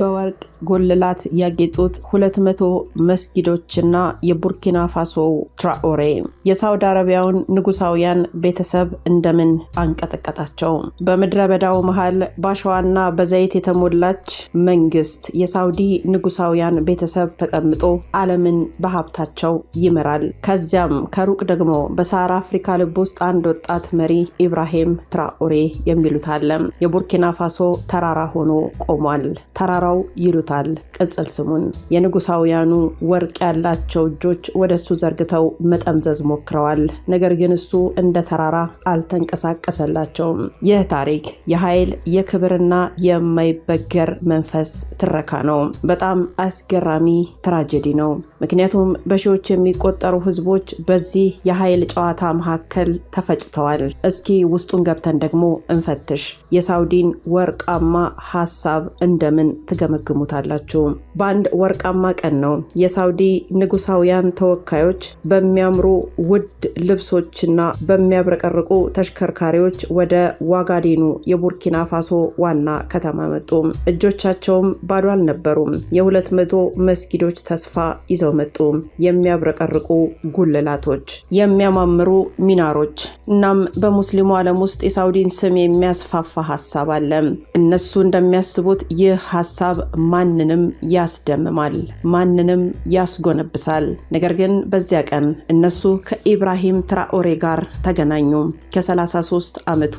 በወርቅ ጉልላት ያጌጡት 200 መስጊዶችና የቡርኪና ፋሶ ትራኦሬ የሳውዲ አረቢያውን ንጉሳውያን ቤተሰብ እንደምን አንቀጠቀጣቸው? በምድረ በዳው መሃል በአሸዋና በዘይት የተሞላች መንግስት የሳውዲ ንጉሳውያን ቤተሰብ ተቀምጦ ዓለምን በሀብታቸው ይመራል። ከዚያም ከሩቅ ደግሞ በሳራ አፍሪካ ልብ ውስጥ አንድ ወጣት መሪ ኢብራሂም ትራኦሬ የሚሉት አለም የቡርኪና ፋሶ ተራራ ሆኖ ቆሟል። ተራራው ሰው ይሉታል ቅጽል ስሙን። የንጉሳውያኑ ወርቅ ያላቸው እጆች ወደ እሱ ዘርግተው መጠምዘዝ ሞክረዋል። ነገር ግን እሱ እንደ ተራራ አልተንቀሳቀሰላቸውም። ይህ ታሪክ የኃይል የክብርና የማይበገር መንፈስ ትረካ ነው። በጣም አስገራሚ ትራጀዲ ነው። ምክንያቱም በሺዎች የሚቆጠሩ ህዝቦች በዚህ የኃይል ጨዋታ መካከል ተፈጭተዋል። እስኪ ውስጡን ገብተን ደግሞ እንፈትሽ። የሳውዲን ወርቃማ ሀሳብ እንደምን ትገመግሙታላችሁ? በአንድ ወርቃማ ቀን ነው የሳውዲ ንጉሳውያን ተወካዮች በሚያምሩ ውድ ልብሶችና በሚያብረቀርቁ ተሽከርካሪዎች ወደ ዋጋዴኑ የቡርኪና ፋሶ ዋና ከተማ መጡ። እጆቻቸውም ባዶ አልነበሩም። የሁለት መቶ መስጊዶች ተስፋ ይዘው መጡ የሚያብረቀርቁ ጉልላቶች፣ የሚያማምሩ ሚናሮች። እናም በሙስሊሙ ዓለም ውስጥ የሳውዲን ስም የሚያስፋፋ ሀሳብ አለ። እነሱ እንደሚያስቡት ይህ ሀሳብ ማንንም ያስደምማል፣ ማንንም ያስጎነብሳል። ነገር ግን በዚያ ቀን እነሱ ከኢብራሂም ትራኦሬ ጋር ተገናኙ። ከ33 ዓመቱ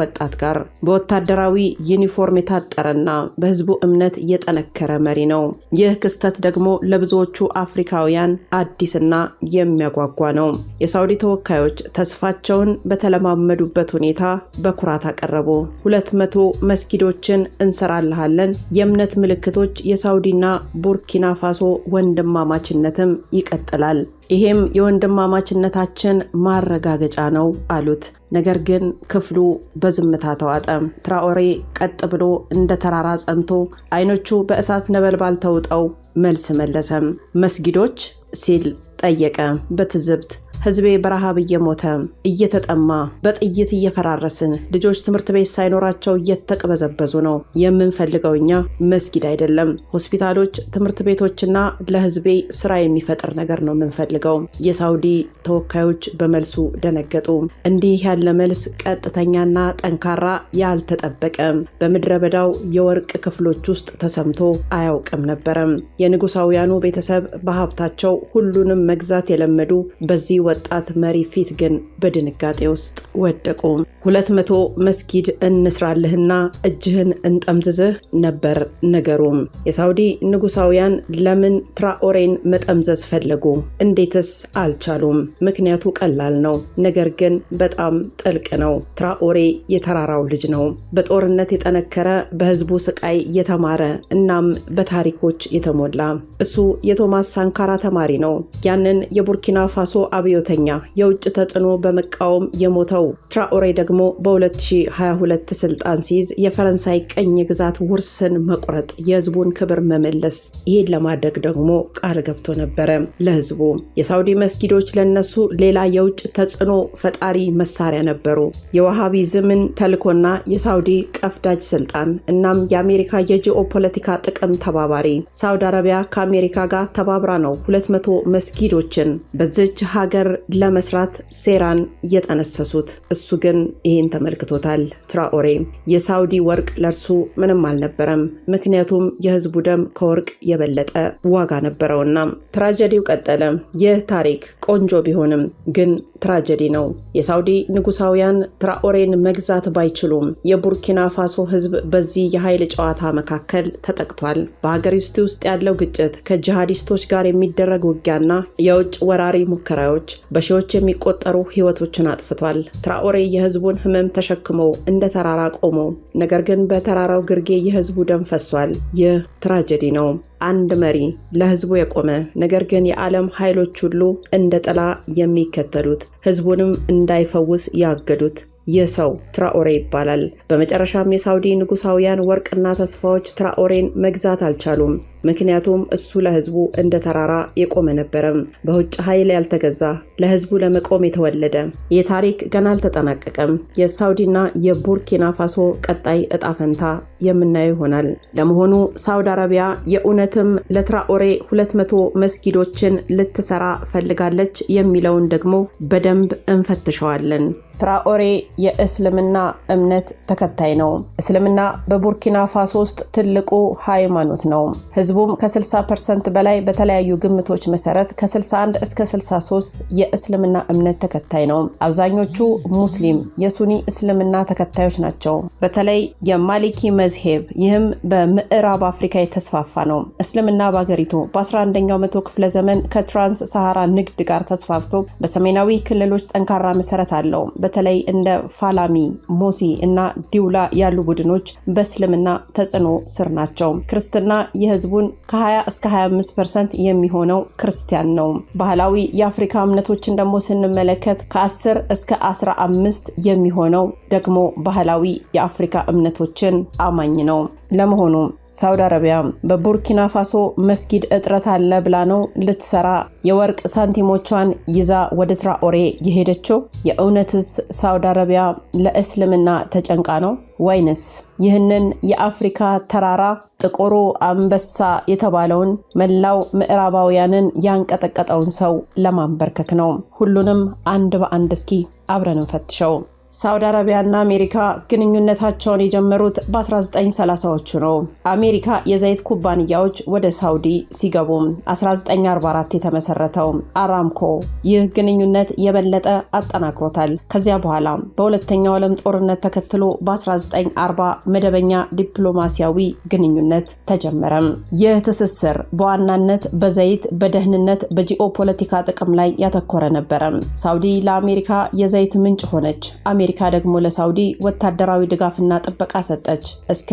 ወጣት ጋር በወታደራዊ ዩኒፎርም የታጠረና በህዝቡ እምነት የጠነከረ መሪ ነው። ይህ ክስተት ደግሞ ለብዙዎቹ አፍ አፍሪካውያን አዲስና የሚያጓጓ ነው። የሳውዲ ተወካዮች ተስፋቸውን በተለማመዱበት ሁኔታ በኩራት አቀረቡ። ሁለት መቶ መስጊዶችን እንሰራልሃለን። የእምነት ምልክቶች የሳውዲና ቡርኪና ፋሶ ወንድማማችነትም ይቀጥላል። ይሄም የወንድማማችነታችን ማረጋገጫ ነው አሉት። ነገር ግን ክፍሉ በዝምታ ተዋጠ። ትራኦሬ ቀጥ ብሎ እንደ ተራራ ጸንቶ፣ አይኖቹ በእሳት ነበልባል ተውጠው መልስ መለሰም መስጊዶች ሲል ጠየቀ። በትዝብት ህዝቤ በረሃብ እየሞተ እየተጠማ በጥይት እየፈራረስን ልጆች ትምህርት ቤት ሳይኖራቸው እየተቅበዘበዙ ነው። የምንፈልገው እኛ መስጊድ አይደለም፣ ሆስፒታሎች፣ ትምህርት ቤቶችና ለህዝቤ ስራ የሚፈጥር ነገር ነው የምንፈልገው። የሳውዲ ተወካዮች በመልሱ ደነገጡ። እንዲህ ያለ መልስ ቀጥተኛና ጠንካራ ያልተጠበቀ በምድረ በዳው የወርቅ ክፍሎች ውስጥ ተሰምቶ አያውቅም ነበረም። የንጉሳውያኑ ቤተሰብ በሀብታቸው ሁሉንም መግዛት የለመዱ በዚህ ወጣት መሪ ፊት ግን በድንጋጤ ውስጥ ወደቁ። ሁለት መቶ መስጊድ እንስራልህና እጅህን እንጠምዝዝህ ነበር ነገሩ። የሳውዲ ንጉሳውያን ለምን ትራኦሬን መጠምዘዝ ፈለጉ? እንዴትስ አልቻሉም? ምክንያቱ ቀላል ነው፣ ነገር ግን በጣም ጥልቅ ነው። ትራኦሬ የተራራው ልጅ ነው። በጦርነት የጠነከረ በህዝቡ ስቃይ የተማረ እናም በታሪኮች የተሞላ እሱ የቶማስ ሳንካራ ተማሪ ነው። ያንን የቡርኪና ፋሶ አብዮት ሕመምተኛ የውጭ ተጽዕኖ በመቃወም የሞተው ትራኦሬ ደግሞ በ2022 ስልጣን ሲይዝ የፈረንሳይ ቀኝ ግዛት ውርስን መቁረጥ፣ የህዝቡን ክብር መመለስ፣ ይህን ለማድረግ ደግሞ ቃል ገብቶ ነበረ ለህዝቡ። የሳውዲ መስጊዶች ለነሱ ሌላ የውጭ ተጽዕኖ ፈጣሪ መሳሪያ ነበሩ። የዋሃቢዝምን ተልኮና የሳውዲ ቀፍዳጅ ስልጣን እናም የአሜሪካ የጂኦ ፖለቲካ ጥቅም ተባባሪ ሳውዲ አረቢያ ከአሜሪካ ጋር ተባብራ ነው 200 መስጊዶችን በዚች ሀገር ነገር ለመስራት ሴራን የጠነሰሱት። እሱ ግን ይህን ተመልክቶታል። ትራኦሬ የሳውዲ ወርቅ ለእርሱ ምንም አልነበረም፣ ምክንያቱም የህዝቡ ደም ከወርቅ የበለጠ ዋጋ ነበረውና። ትራጀዲው ቀጠለ። ይህ ታሪክ ቆንጆ ቢሆንም ግን ትራጀዲ ነው። የሳውዲ ንጉሳውያን ትራኦሬን መግዛት ባይችሉም የቡርኪና ፋሶ ሕዝብ በዚህ የኃይል ጨዋታ መካከል ተጠቅቷል። በሀገር ውስጥ ያለው ግጭት ከጂሃዲስቶች ጋር የሚደረግ ውጊያና የውጭ ወራሪ ሙከራዎች በሺዎች የሚቆጠሩ ሕይወቶችን አጥፍቷል። ትራኦሬ የህዝቡን ህመም ተሸክሞ እንደ ተራራ ቆሞ፣ ነገር ግን በተራራው ግርጌ የህዝቡ ደም ፈሷል። ይህ ትራጀዲ ነው። አንድ መሪ ለህዝቡ የቆመ ነገር ግን የዓለም ኃይሎች ሁሉ እንደ ጥላ የሚከተሉት ህዝቡንም እንዳይፈውስ ያገዱት ይህ ሰው ትራኦሬ ይባላል። በመጨረሻም የሳውዲ ንጉሳውያን ወርቅና ተስፋዎች ትራኦሬን መግዛት አልቻሉም። ምክንያቱም እሱ ለህዝቡ እንደ ተራራ የቆመ ነበረም። በውጭ ኃይል ያልተገዛ ለህዝቡ ለመቆም የተወለደ። የታሪክ ገና አልተጠናቀቀም። የሳውዲና የቡርኪና ፋሶ ቀጣይ እጣ ፈንታ የምናየው ይሆናል። ለመሆኑ ሳውዲ አረቢያ የእውነትም ለትራኦሬ 200 መስጊዶችን ልትሰራ ፈልጋለች የሚለውን ደግሞ በደንብ እንፈትሸዋለን። ትራኦሬ የእስልምና እምነት ተከታይ ነው። እስልምና በቡርኪና ፋሶ ውስጥ ትልቁ ሃይማኖት ነው። ህዝቡም ከ60 ፐርሰንት በላይ በተለያዩ ግምቶች መሰረት ከ61 እስከ 63 የእስልምና እምነት ተከታይ ነው። አብዛኞቹ ሙስሊም የሱኒ እስልምና ተከታዮች ናቸው። በተለይ የማሊኪ መ መዝሄብ ይህም በምዕራብ አፍሪካ የተስፋፋ ነው። እስልምና በአገሪቱ በ11ኛው መቶ ክፍለ ዘመን ከትራንስ ሰሃራ ንግድ ጋር ተስፋፍቶ በሰሜናዊ ክልሎች ጠንካራ መሰረት አለው። በተለይ እንደ ፋላሚ፣ ሞሲ እና ዲውላ ያሉ ቡድኖች በእስልምና ተጽዕኖ ስር ናቸው። ክርስትና የህዝቡን ከ20 እስከ 25 ፐርሰንት የሚሆነው ክርስቲያን ነው። ባህላዊ የአፍሪካ እምነቶችን ደግሞ ስንመለከት ከ10 እስከ 15 የሚሆነው ደግሞ ባህላዊ የአፍሪካ እምነቶችን አማኝ ነው። ለመሆኑ ሳውዲ አረቢያ በቡርኪና ፋሶ መስጊድ እጥረት አለ ብላ ነው ልትሰራ የወርቅ ሳንቲሞቿን ይዛ ወደ ትራኦሬ የሄደችው? የእውነትስ ሳውዲ አረቢያ ለእስልምና ተጨንቃ ነው ወይንስ ይህንን የአፍሪካ ተራራ ጥቁሩ አንበሳ የተባለውን መላው ምዕራባውያንን ያንቀጠቀጠውን ሰው ለማንበርከክ ነው? ሁሉንም አንድ በአንድ እስኪ አብረን እንፈትሸው። ሳውዲ አረቢያና አሜሪካ ግንኙነታቸውን የጀመሩት በ1930ዎቹ ነው። አሜሪካ የዘይት ኩባንያዎች ወደ ሳውዲ ሲገቡ 1944 የተመሰረተው አራምኮ ይህ ግንኙነት የበለጠ አጠናክሮታል። ከዚያ በኋላ በሁለተኛው ዓለም ጦርነት ተከትሎ በ1940 መደበኛ ዲፕሎማሲያዊ ግንኙነት ተጀመረም። ይህ ትስስር በዋናነት በዘይት፣ በደህንነት፣ በጂኦፖለቲካ ጥቅም ላይ ያተኮረ ነበረ። ሳውዲ ለአሜሪካ የዘይት ምንጭ ሆነች። አሜሪካ ደግሞ ለሳውዲ ወታደራዊ ድጋፍና ጥበቃ ሰጠች። እስከ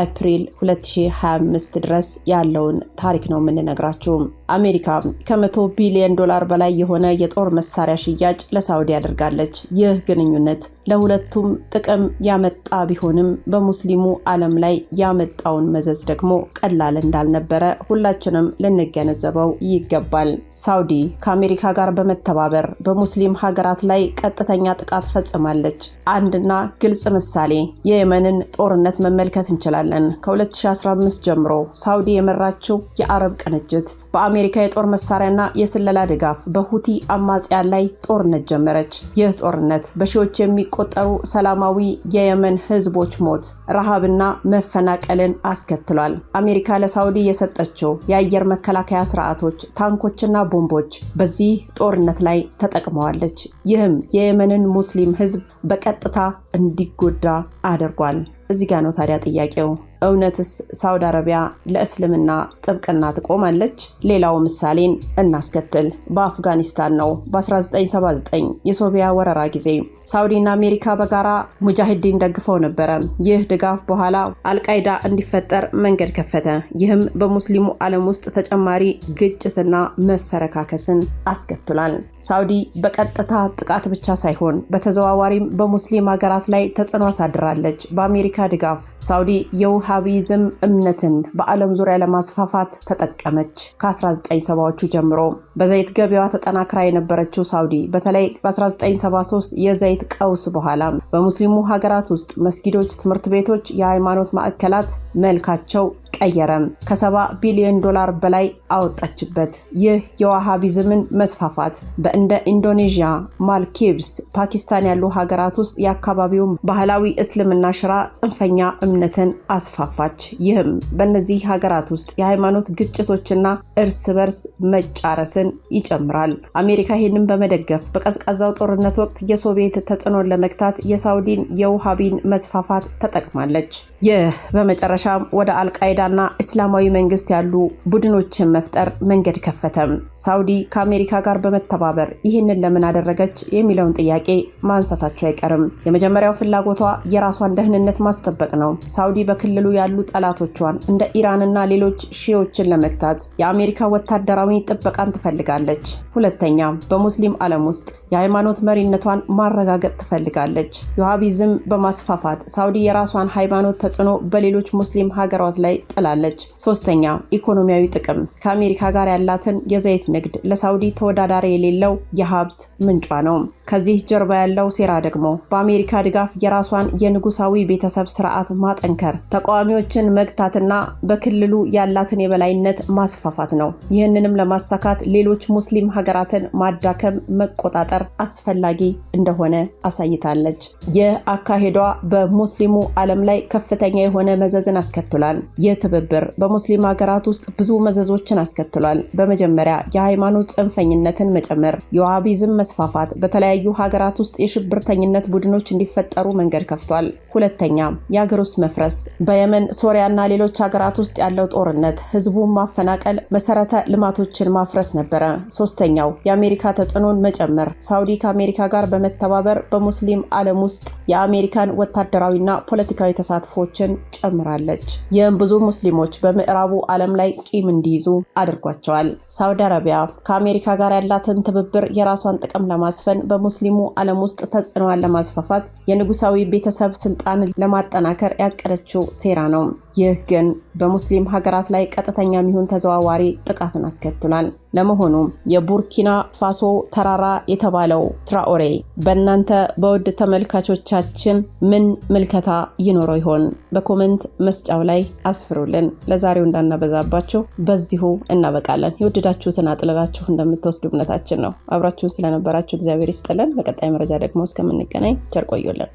ኤፕሪል 2025 ድረስ ያለውን ታሪክ ነው የምንነግራችሁ። አሜሪካ ከመቶ ቢሊዮን ዶላር በላይ የሆነ የጦር መሳሪያ ሽያጭ ለሳውዲ አድርጋለች። ይህ ግንኙነት ለሁለቱም ጥቅም ያመጣ ቢሆንም በሙስሊሙ ዓለም ላይ ያመጣውን መዘዝ ደግሞ ቀላል እንዳልነበረ ሁላችንም ልንገነዘበው ይገባል። ሳውዲ ከአሜሪካ ጋር በመተባበር በሙስሊም ሀገራት ላይ ቀጥተኛ ጥቃት ፈጽማለች። አንድና ግልጽ ምሳሌ የየመንን ጦርነት መመልከት እንችላለን። ከ2015 ጀምሮ ሳውዲ የመራችው የአረብ ቅንጅት በአ አሜሪካ የጦር መሳሪያና የስለላ ድጋፍ በሁቲ አማጽያን ላይ ጦርነት ጀመረች። ይህ ጦርነት በሺዎች የሚቆጠሩ ሰላማዊ የየመን ህዝቦች ሞት፣ ረሃብና መፈናቀልን አስከትሏል። አሜሪካ ለሳውዲ የሰጠችው የአየር መከላከያ ስርዓቶች፣ ታንኮችና ቦምቦች በዚህ ጦርነት ላይ ተጠቅመዋለች። ይህም የየመንን ሙስሊም ህዝብ በቀጥታ እንዲጎዳ አድርጓል። እዚህ ጋ ነው ታዲያ ጥያቄው እውነትስ ሳውዲ አረቢያ ለእስልምና ጥብቅና ትቆማለች? ሌላው ምሳሌን እናስከትል። በአፍጋኒስታን ነው። በ1979 የሶቪያ ወረራ ጊዜ ሳውዲና አሜሪካ በጋራ ሙጃሂዲን ደግፈው ነበረ። ይህ ድጋፍ በኋላ አልቃይዳ እንዲፈጠር መንገድ ከፈተ። ይህም በሙስሊሙ ዓለም ውስጥ ተጨማሪ ግጭትና መፈረካከስን አስከትሏል። ሳውዲ በቀጥታ ጥቃት ብቻ ሳይሆን በተዘዋዋሪም በሙስሊም ሀገራት ላይ ተጽዕኖ አሳድራለች። በአሜሪካ ድጋፍ ሳውዲ የው ውሃቢዝም እምነትን በዓለም ዙሪያ ለማስፋፋት ተጠቀመች። ከ1970ዎቹ ጀምሮ በዘይት ገበያዋ ተጠናክራ የነበረችው ሳውዲ በተለይ በ1973 የዘይት ቀውስ በኋላ በሙስሊሙ ሀገራት ውስጥ መስጊዶች፣ ትምህርት ቤቶች፣ የሃይማኖት ማዕከላት መልካቸው ቀየረም። ከሰባ ቢሊዮን ዶላር በላይ አወጣችበት። ይህ የዋሃቢዝምን መስፋፋት በእንደ ኢንዶኔዥያ፣ ማልኬቭስ፣ ፓኪስታን ያሉ ሀገራት ውስጥ የአካባቢውን ባህላዊ እስልምና ሽራ ጽንፈኛ እምነትን አስፋፋች። ይህም በእነዚህ ሀገራት ውስጥ የሃይማኖት ግጭቶችና እርስ በርስ መጫረስን ይጨምራል። አሜሪካ ይህንን በመደገፍ በቀዝቃዛው ጦርነት ወቅት የሶቪየት ተጽዕኖን ለመግታት የሳውዲን የውሃቢን መስፋፋት ተጠቅማለች። ይህ በመጨረሻም ወደ አልቃይዳ ና እስላማዊ መንግስት ያሉ ቡድኖችን መፍጠር መንገድ ከፈተም። ሳውዲ ከአሜሪካ ጋር በመተባበር ይህንን ለምን አደረገች የሚለውን ጥያቄ ማንሳታቸው አይቀርም። የመጀመሪያው ፍላጎቷ የራሷን ደህንነት ማስጠበቅ ነው። ሳውዲ በክልሉ ያሉ ጠላቶቿን እንደ ኢራንና ሌሎች ሺዎችን ለመግታት የአሜሪካ ወታደራዊ ጥበቃን ትፈልጋለች። ሁለተኛ በሙስሊም ዓለም ውስጥ የሃይማኖት መሪነቷን ማረጋገጥ ትፈልጋለች። የውሃቢዝም በማስፋፋት ሳውዲ የራሷን ሃይማኖት ተጽዕኖ በሌሎች ሙስሊም ሀገራት ላይ ጥላለች። ሶስተኛ ኢኮኖሚያዊ ጥቅም ከአሜሪካ ጋር ያላትን የዘይት ንግድ ለሳውዲ ተወዳዳሪ የሌለው የሀብት ምንጯ ነው። ከዚህ ጀርባ ያለው ሴራ ደግሞ በአሜሪካ ድጋፍ የራሷን የንጉሳዊ ቤተሰብ ስርዓት ማጠንከር፣ ተቃዋሚዎችን መግታትና በክልሉ ያላትን የበላይነት ማስፋፋት ነው። ይህንንም ለማሳካት ሌሎች ሙስሊም ሀገራትን ማዳከም፣ መቆጣጠር አስፈላጊ እንደሆነ አሳይታለች። ይህ አካሄዷ በሙስሊሙ ዓለም ላይ ከፍተኛ የሆነ መዘዝን አስከትሏል። ይህ ትብብር በሙስሊም ሀገራት ውስጥ ብዙ መዘዞችን አስከትሏል። በመጀመሪያ የሃይማኖት ጽንፈኝነትን መጨመር፣ የዋሃቢዝም መስፋፋት በተለያዩ በተለያዩ ሀገራት ውስጥ የሽብርተኝነት ቡድኖች እንዲፈጠሩ መንገድ ከፍቷል። ሁለተኛ፣ የአገር ውስጥ መፍረስ። በየመን ሶሪያና ሌሎች ሀገራት ውስጥ ያለው ጦርነት ህዝቡን ማፈናቀል፣ መሰረተ ልማቶችን ማፍረስ ነበረ። ሶስተኛው፣ የአሜሪካ ተጽዕኖን መጨመር። ሳውዲ ከአሜሪካ ጋር በመተባበር በሙስሊም ዓለም ውስጥ የአሜሪካን ወታደራዊና ፖለቲካዊ ተሳትፎችን ጨምራለች። ይህም ብዙ ሙስሊሞች በምዕራቡ ዓለም ላይ ቂም እንዲይዙ አድርጓቸዋል። ሳውዲ አረቢያ ከአሜሪካ ጋር ያላትን ትብብር የራሷን ጥቅም ለማስፈን በ ሙስሊሙ ዓለም ውስጥ ተጽዕኖዋን ለማስፋፋት የንጉሳዊ ቤተሰብ ስልጣን ለማጠናከር ያቀደችው ሴራ ነው። ይህ ግን በሙስሊም ሀገራት ላይ ቀጥተኛ የሚሆን ተዘዋዋሪ ጥቃትን አስከትሏል። ለመሆኑ የቡርኪና ፋሶ ተራራ የተባለው ትራኦሬ በእናንተ በውድ ተመልካቾቻችን ምን ምልከታ ይኖረው ይሆን? በኮመንት መስጫው ላይ አስፍሩልን። ለዛሬው እንዳናበዛባችሁ በዚሁ እናበቃለን። የወደዳችሁትን አጥልላችሁ እንደምትወስዱ እምነታችን ነው። አብራችሁን ስለነበራችሁ እግዚአብሔር ይስጠል። ይቀጥላል። በቀጣይ መረጃ ደግሞ እስከምንገናኝ ቸር ቆዩልን።